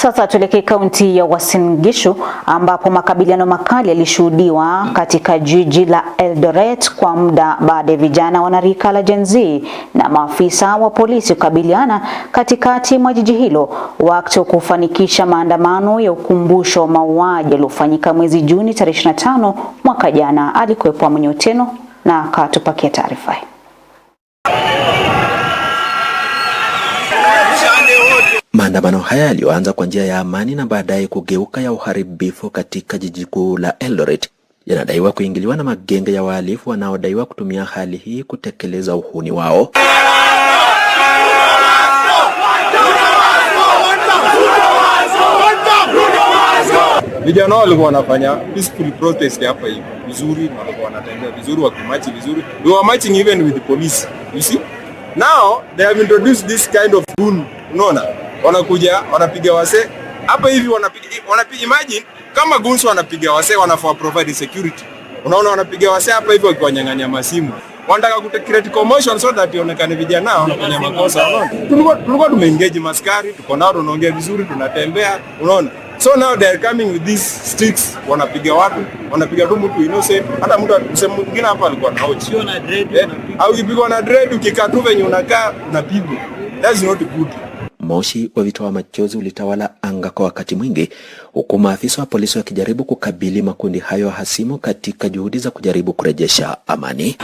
Sasa tuelekee kaunti ya Uasin Gishu ambapo makabiliano makali yalishuhudiwa katika jiji la Eldoret kwa muda baada ya vijana wanarika la Gen Z na maafisa wa polisi kukabiliana katikati mwa jiji hilo wakati wa kufanikisha maandamano ya ukumbusho wa mauaji yaliyofanyika mwezi Juni tarehe 25 mwaka jana. Alikuwepo Mwenye Uteno na akatupakia taarifa hii. Maandamano haya yaliyoanza kwa njia ya amani na baadaye kugeuka ya uharibifu katika jiji kuu la Eldoret yanadaiwa kuingiliwa na magenge ya wahalifu wanaodaiwa kutumia hali hii kutekeleza uhuni wao. Vijana wao walikuwa wanafanya peaceful protest hapa hivi vizuri, walikuwa wanatembea vizuri, wakimachi vizuri, we were marching even with the police you see now they have introduced this kind of rule, unaona wanakuja wanapiga wase hapa hivi, wanapiga wanapiga, imagine kama Guns wanapiga wase wanafaa provide security, unaona, wanapiga wase hapa hivi wakiwanyang'anya masimu wanataka ku create commotion so that ionekane vijana hao wanafanya makosa. Unaona, tulikuwa tumeengage maskari, tuko nao tunaongea vizuri, tunatembea, unaona. So now they are coming with these sticks, wanapiga watu, wanapiga tu mtu innocent. Hata mtu msemo mwingine hapa alikuwa na hoja, sio na dread, eh, au ukipigwa na dread ukikaa tu venye unakaa unapigwa. That's not good moshi wa vitoa machozi ulitawala anga kwa wakati mwingi, huku maafisa wa polisi wakijaribu kukabili makundi hayo hasimu katika juhudi za kujaribu kurejesha amani.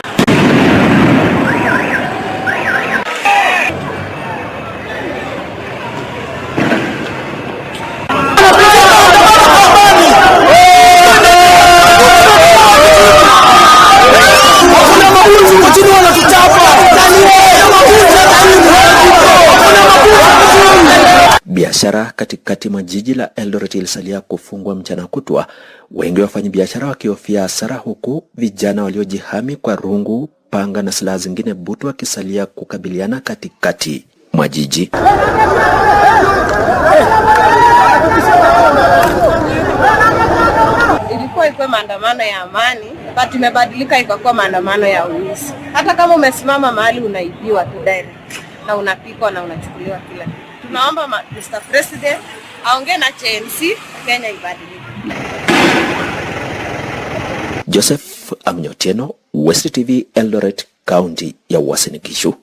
biashara katikati mwa jiji la Eldoret ilisalia kufungwa mchana kutwa, wengi wafanyabiashara wakihofia hasara, huku vijana waliojihami kwa rungu, panga na silaha zingine butu wakisalia kukabiliana katikati mwa jiji. ikuwe maandamano ya amani, but imebadilika ikakuwa maandamano ya uwizi. Hata kama umesimama mahali unaibiwa tu direct na unapikwa na unachukuliwa kila kitu. Tunaomba Mr. President aongee na CHMC Kenya ibadilike. Joseph Amnyotieno, West TV, Eldoret, County ya Uasin Gishu.